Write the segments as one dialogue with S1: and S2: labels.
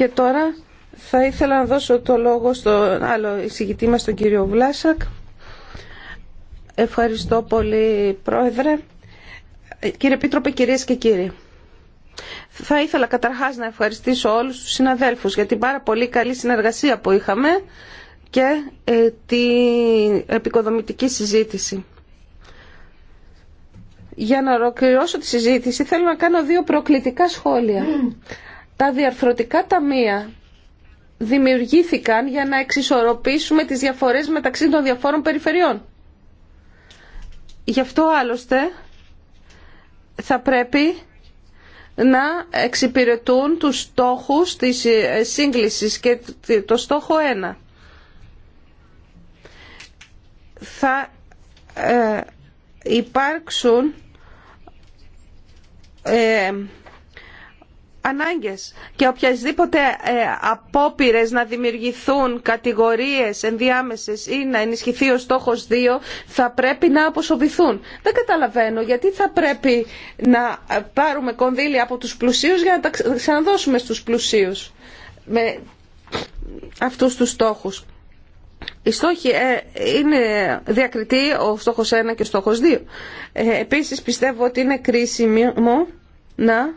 S1: Και τώρα θα ήθελα να δώσω το λόγο στον άλλο εισηγητή μας, τον κύριο Βλάσακ. Ευχαριστώ πολύ, Πρόεδρε. Κύριε Πίτροπε, κυρίες και κύριοι. Θα ήθελα καταρχάς να ευχαριστήσω όλους τους συναδέλφους για την πάρα πολύ καλή συνεργασία που είχαμε και ε, την επικοδομητική συζήτηση. Για να ολοκληρώσω τη συζήτηση θέλω να κάνω δύο προκλητικά σχόλια. Τα διαρθρωτικά ταμεία δημιουργήθηκαν για να εξισορροπήσουμε τις διαφορές μεταξύ των διαφόρων περιφερειών. Γι' αυτό άλλωστε θα πρέπει να εξυπηρετούν τους στόχους της ε, σύγκλησης και το στόχο 1. Θα ε, υπάρξουν ε, ανάγκες και οποιασδήποτε ε, απόπειρες να δημιουργηθούν κατηγορίες ενδιάμεσες ή να ενισχυθεί ο στόχος 2 θα πρέπει να αποσοβηθούν. Δεν καταλαβαίνω γιατί θα πρέπει να πάρουμε κονδύλια από τους πλουσίους για να τα ξαναδώσουμε στους πλουσίους με αυτούς τους στόχους. Οι στόχοι ε, είναι διακριτοί ο στόχος 1 και ο στόχος 2. Ε, επίσης πιστεύω ότι είναι κρίσιμο να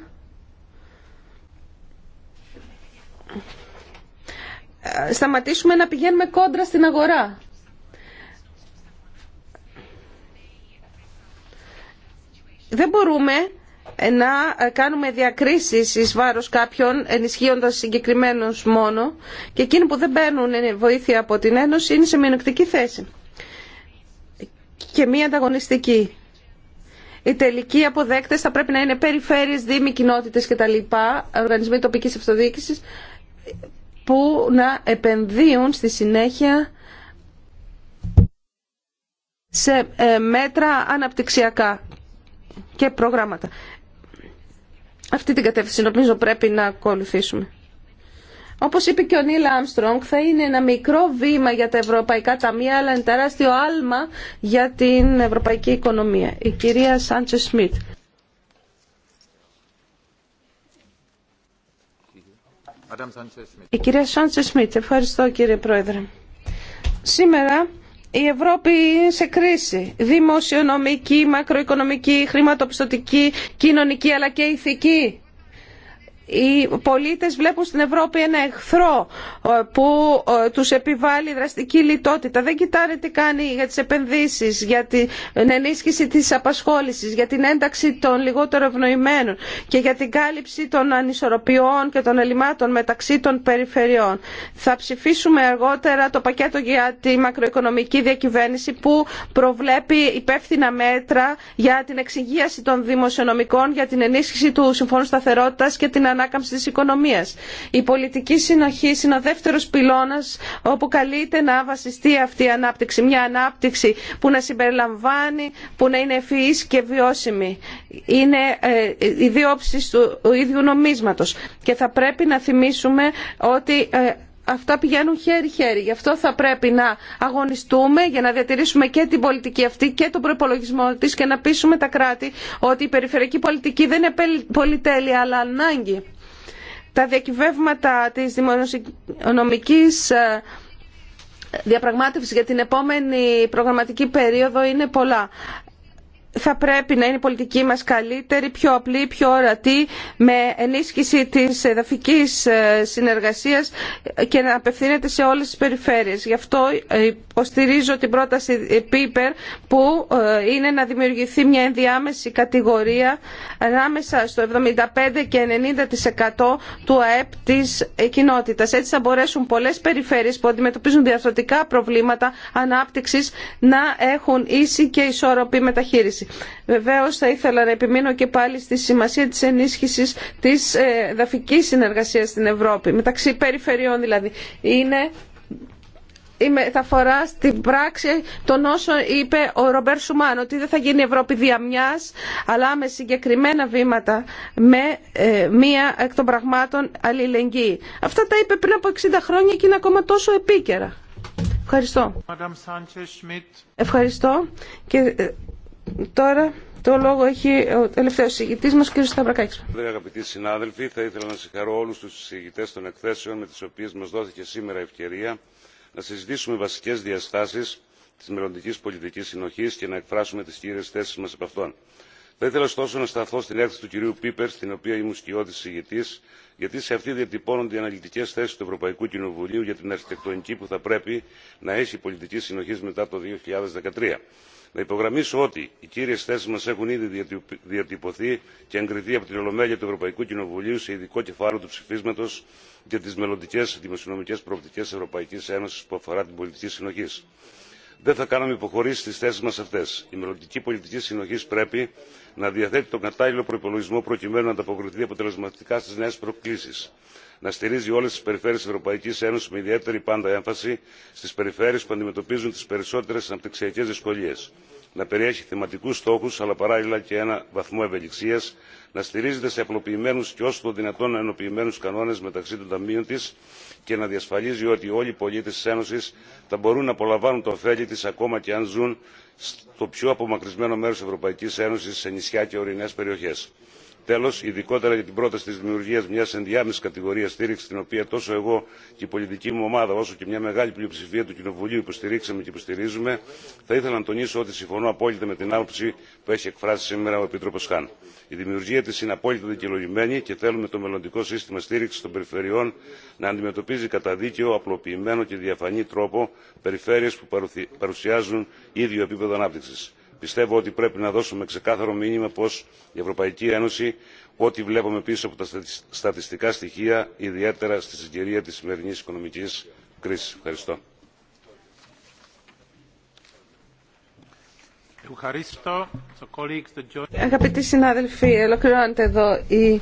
S1: Ε, σταματήσουμε να πηγαίνουμε κόντρα στην αγορά. Δεν μπορούμε ε, να ε, κάνουμε διακρίσεις εις βάρος κάποιων ενισχύοντας συγκεκριμένους μόνο και εκείνοι που δεν παίρνουν βοήθεια από την Ένωση είναι σε μειονεκτική θέση και μη ανταγωνιστική. Οι τελικοί αποδέκτες θα πρέπει να είναι περιφέρειες, δήμοι, κοινότητες κτλ. οργανισμοί τοπικής αυτοδιοίκησης που να επενδύουν στη συνέχεια σε ε, μέτρα αναπτυξιακά και προγράμματα. Αυτή την κατεύθυνση νομίζω πρέπει να ακολουθήσουμε. Όπως είπε και ο Νίλ Άμστρονγκ, θα είναι ένα μικρό βήμα για τα ευρωπαϊκά ταμεία, αλλά είναι τεράστιο άλμα για την ευρωπαϊκή οικονομία. Η κυρία Σάντσε Σμιτ. Η κυρία Σάντσε Σμιτ, ευχαριστώ κύριε Πρόεδρε. Σήμερα η Ευρώπη είναι σε κρίση. Δημοσιονομική, μακροοικονομική, χρηματοπιστωτική, κοινωνική αλλά και ηθική οι πολίτες βλέπουν στην Ευρώπη ένα εχθρό ε, που ε, τους επιβάλλει δραστική λιτότητα. Δεν κοιτάνε τι κάνει για τις επενδύσεις, για την ενίσχυση της απασχόλησης, για την ένταξη των λιγότερο ευνοημένων και για την κάλυψη των ανισορροπιών και των ελλημάτων μεταξύ των περιφερειών. Θα ψηφίσουμε αργότερα το πακέτο για τη μακροοικονομική διακυβέρνηση που προβλέπει υπεύθυνα μέτρα για την εξυγίαση των δημοσιονομικών, για την ενίσχυση του Συμφώνου Σταθερότητας και την ανάκαμψη της οικονομίας. Η πολιτική συνοχή είναι ο δεύτερο πυλώνα όπου καλείται να βασιστεί αυτή η ανάπτυξη. Μια ανάπτυξη που να συμπεριλαμβάνει, που να είναι ευφυή και βιώσιμη. Είναι ε, οι δύο του ίδιου νομίσματος. Και θα πρέπει να θυμίσουμε ότι ε, αυτά πηγαίνουν χέρι-χέρι. Γι' αυτό θα πρέπει να αγωνιστούμε για να διατηρήσουμε και την πολιτική αυτή και τον προπολογισμό τη και να πείσουμε τα κράτη ότι η περιφερειακή πολιτική δεν είναι πολυτέλεια αλλά ανάγκη. Τα διακυβεύματα της δημοσιονομικής ε, διαπραγμάτευση για την επόμενη προγραμματική περίοδο είναι πολλά θα πρέπει να είναι η πολιτική μας καλύτερη, πιο απλή, πιο ορατή, με ενίσχυση της εδαφικής ε, συνεργασίας και να απευθύνεται σε όλες τις περιφέρειες. Γι' αυτό ε, υποστηρίζω την πρόταση Πίπερ που ε, είναι να δημιουργηθεί μια ενδιάμεση κατηγορία ανάμεσα στο 75% και 90% του ΑΕΠ της κοινότητας. Έτσι θα μπορέσουν πολλές περιφέρειες που αντιμετωπίζουν διαφορετικά προβλήματα ανάπτυξης να έχουν ίση και ισορροπή μεταχείριση ενίσχυση. Βεβαίως θα ήθελα να επιμείνω και πάλι στη σημασία της ενίσχυσης της ε, δαφικής συνεργασίας στην Ευρώπη, μεταξύ περιφερειών δηλαδή. Είναι η μεταφορά στην πράξη των όσων είπε ο Ρομπέρ Σουμάν, ότι δεν θα γίνει η Ευρώπη διαμιάς, αλλά με συγκεκριμένα βήματα, με ε, μία εκ των πραγμάτων αλληλεγγύη. Αυτά τα είπε πριν από 60 χρόνια και είναι ακόμα τόσο επίκαιρα. Ευχαριστώ. Ευχαριστώ. Και ε, Τώρα το λόγο έχει ο τελευταίο συγητή μα, κ. Σταυρακάκη.
S2: Κύριε αγαπητοί συνάδελφοι, θα ήθελα να συγχαρώ όλου του συγητέ των εκθέσεων με τι οποίε μα δόθηκε σήμερα ευκαιρία να συζητήσουμε βασικέ διαστάσει τη μελλοντική πολιτική συνοχή και να εκφράσουμε τι κύριε θέσει μα από αυτόν. Θα ήθελα ωστόσο να σταθώ στην έκθεση του κυρίου Πίπερ, στην οποία ήμουν σκιώδη συγητή, γιατί σε αυτή διατυπώνονται οι αναλυτικέ θέσει του Ευρωπαϊκού Κοινοβουλίου για την αρχιτεκτονική που θα πρέπει να έχει η πολιτική συνοχή μετά το 2013 να υπογραμμίσω ότι οι κύριε θέσει μα έχουν ήδη διατυπωθεί και εγκριθεί από την ολομέλεια του ευρωπαϊκού κοινοβουλίου σε ειδικό κεφάλαιο του ψηφίσματο για τι μελλοντικέ δημοσιονομικέ προοπτικέ ευρωπαϊκή ένωση που αφορά την πολιτική συνοχή δεν θα κάναμε υποχωρήσει στι θέσει μα αυτέ. η μελλοντική πολιτική συνοχή πρέπει να διαθέτει τον κατάλληλο προπολογισμό προκειμένου να ανταποκριθεί αποτελεσματικά στι νέε προκλήσει να στηρίζει όλε τι περιφέρειες τη ευρωπαϊκή ένωση με ιδιαίτερη πάντα έμφαση στι περιφέρειες που αντιμετωπίζουν τι περισσότερε αναπτυξιακέ δυσκολίε να περιέχει θεματικούς στόχους αλλά παράλληλα και ένα βαθμό ευελιξίας να στηρίζεται σε απλοποιημένους και όσο το δυνατόν ενοποιημένους κανόνες μεταξύ των ταμείων της και να διασφαλίζει ότι όλοι οι πολίτες της ένωσης θα μπορούν να απολαμβάνουν το ωφέλη της ακόμα και αν ζουν στο πιο απομακρυσμένο μέρος της ευρωπαϊκής ένωσης σε νησιά και ορεινές περιοχές τέλο ειδικότερα για την πρόταση τη δημιουργία μια ενδιάμεση κατηγορία στήριξη την οποία τόσο εγώ και η πολιτική μου ομάδα όσο και μια μεγάλη πλειοψηφία του κοινοβουλίου υποστηρίξαμε και υποστηρίζουμε θα ήθελα να τονίσω ότι συμφωνώ απόλυτα με την άποψη που έχει εκφράσει σήμερα ο επίτροπο χαν. η δημιουργία τη είναι απόλυτα δικαιολογημένη και θέλουμε το μελλοντικό σύστημα στήριξη των περιφερειών να αντιμετωπίζει κατά δίκαιο απλοποιημένο και διαφανή τρόπο περιφέρειε που παρουσιάζουν ίδιο επίπεδο ανάπτυξη πιστεύω ότι πρέπει να δώσουμε ξεκάθαρο μήνυμα πως η ευρωπαϊκή ένωση ό,τι βλέπουμε πίσω από τα στατιστικά στοιχεία ιδιαίτερα στη συγκυρία της σημερινής οικονομικής κρίσης. ευχαριστώ. Αγαπητοί
S1: συνάδελφοι, ολοκληρώνεται εδώ η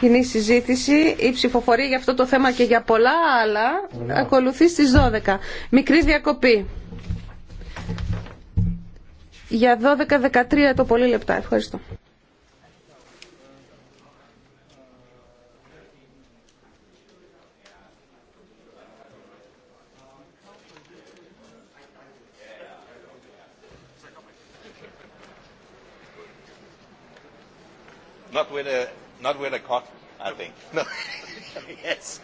S1: κοινή συζήτηση. Η ψηφοφορία για αυτό το θέμα και για πολλά άλλα ακολουθεί στις 12. Μικρή διακοπή για 12-13 το πολύ λεπτά. Ευχαριστώ. Not with a, not with a cock, I think. No.
S2: yes.